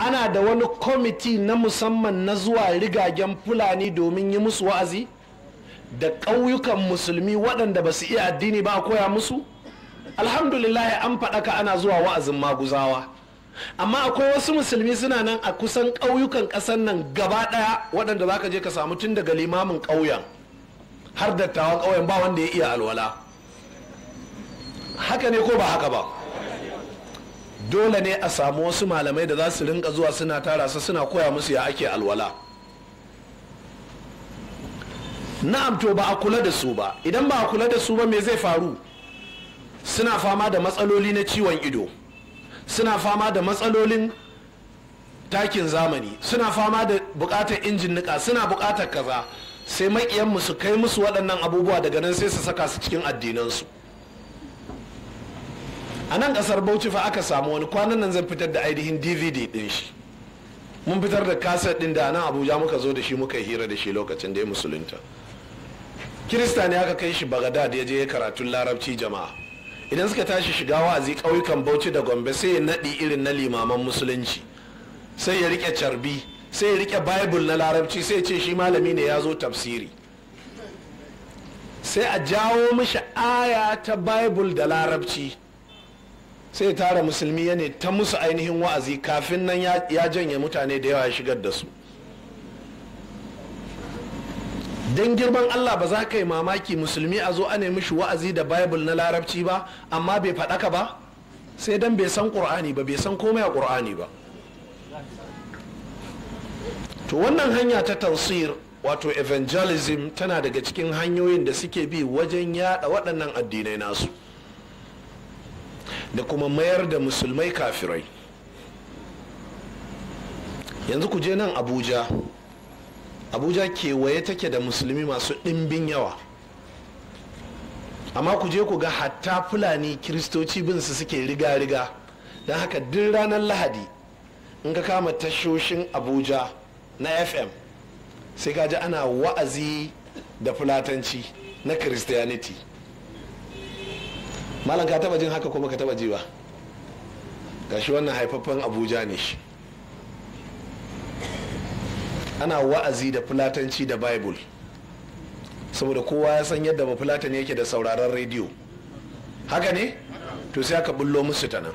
ana da wani kwamiti na musamman na zuwa rigagen fulani domin yi musu wa'azi da ƙauyukan musulmi waɗanda ba su iya addini ba a koya musu alhamdulillah an faɗaka ana zuwa wa'azin maguzawa amma akwai wasu musulmi suna nan a kusan ƙauyukan ƙasar nan gaba ɗaya waɗanda za ka je ka samu tun daga limamin ƙauyen har dattawan ƙauyen ba wanda ya iya alwala haka ne ko ba haka ba dole ne a samu wasu malamai da za su rinka zuwa suna tara su suna koya musu ya ake alwala na'am to ba a kula da su ba idan ba a kula da su ba me zai faru suna fama da matsaloli na ciwon ido suna fama da matsalolin takin zamani suna fama da bukatar injin nika suna bukatar kaza sai makiyanmu su kai musu waɗannan abubuwa daga nan sai su saka su cikin addinansu a nan kasar bauchi fa aka samu wani kwanan nan zan fitar da ainihin dvd din shi mun fitar da kaset din da nan abuja muka zo da shi muka hira da shi lokacin da ya musulunta kirista ne aka kai shi bagadad ya je ya karatun larabci jama'a idan suka tashi shiga wa'azi ƙauyukan bauchi da gombe sai ya naɗi irin na limaman musulunci sai ya rike carbi sai ya rike bible na larabci sai ce shi malami ne ya zo tafsiri sai a jawo mishi aya ta bible da larabci sai tara musulmi ya ne ta musu ainihin wa'azi kafin nan ya janye mutane da yawa ya shigar da su don girman Allah ba za ka yi mamaki musulmi a zo ana mishi wa'azi da bible na larabci ba amma bai faɗaka ba sai don bai san ƙur'ani ba bai san komai a ƙur'ani ba to wannan hanya ta tausir wato evangelism tana daga cikin hanyoyin da suke bi wajen yada waɗannan addinai nasu da kuma mayar da musulmai kafirai yanzu ku je nan abuja abuja kewaye take da musulmi masu ɗimbin yawa amma ku je ku ga hatta fulani kiristoci bin su suke riga-riga don haka duk ranar lahadi in ka kama tashoshin abuja na fm sai ka ji ana wa'azi da fulatanci na christianity malam ka taba jin haka ko ka taba ji ba gashi wannan haifaffen abuja ne shi ana wa'azi da fulatanci da bible saboda kowa ya san yadda bafulatan yake da sauraron rediyo haka ne to sai aka bullo musu ta nan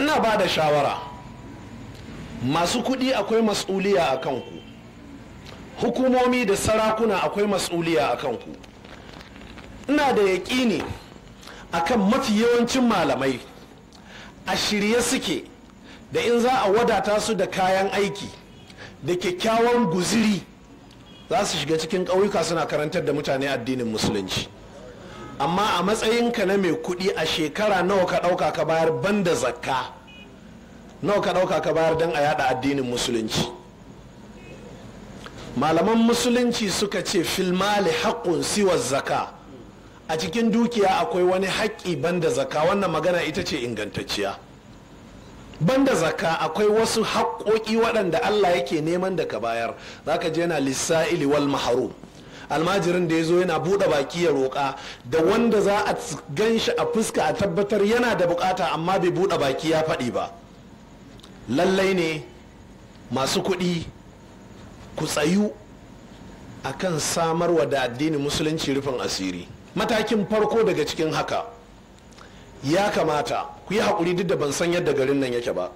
ina ba da shawara masu kudi akwai mas'uliya a kanku hukumomi da sarakuna akwai mas'uliya a kanku ina da yaƙini akan mafi yawancin malamai a shirye suke da in za a wadata su da kayan aiki da kyakkyawan guziri za su shiga cikin ƙauyuka suna karantar da mutane addinin musulunci amma a matsayinka na mai kuɗi a shekara nawa ka ɗauka ka bayar banda zakka nawa ka ɗauka ka bayar don a yada addinin musulunci malaman musulunci suka ce filmali haƙƙun siwa zakka. a cikin dukiya akwai wani haƙƙi banda zaka wannan magana ita ce ingantacciya banda zaka akwai wasu haƙƙoƙi waɗanda Allah yake neman da ka bayar zaka je yana lissa'ili wal maharu almajirin da ya zo yana buɗe baki ya roƙa da wanda za a gan shi a fuska a tabbatar yana da buƙata amma bai buɗe baki ya faɗi ba lallai ne masu kuɗi ku tsayu akan samarwa da addinin musulunci rufin asiri matakin farko daga cikin haka ya kamata ku yi haƙuri duk da ban san yadda garin nan yake ba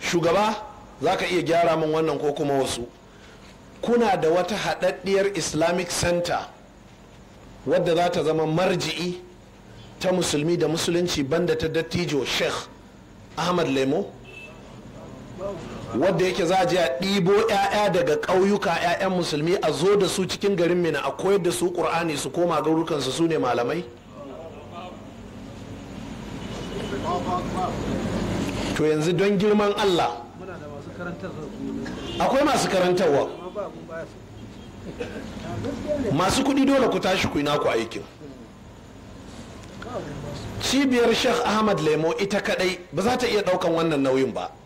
shugaba za ka iya gyara min wannan ko kuma wasu kuna da wata haɗaɗɗiyar islamic center wadda za ta zama marji'i ta musulmi da musulunci banda ta dattijo sheikh ahmad lemo wadda yake za a je a ɗibo 'ya'ya daga ƙauyuka 'ya'yan musulmi a zo da su cikin garin mina a koyar da su ƙur'ani su koma garurukansu su ne malamai to yanzu don girman allah akwai masu karantarwa masu kuɗi dole ku tashi ku ina ku aikin cibiyar Shekh ahmad lemo ita kadai ba za ta iya ɗaukan wannan nauyin ba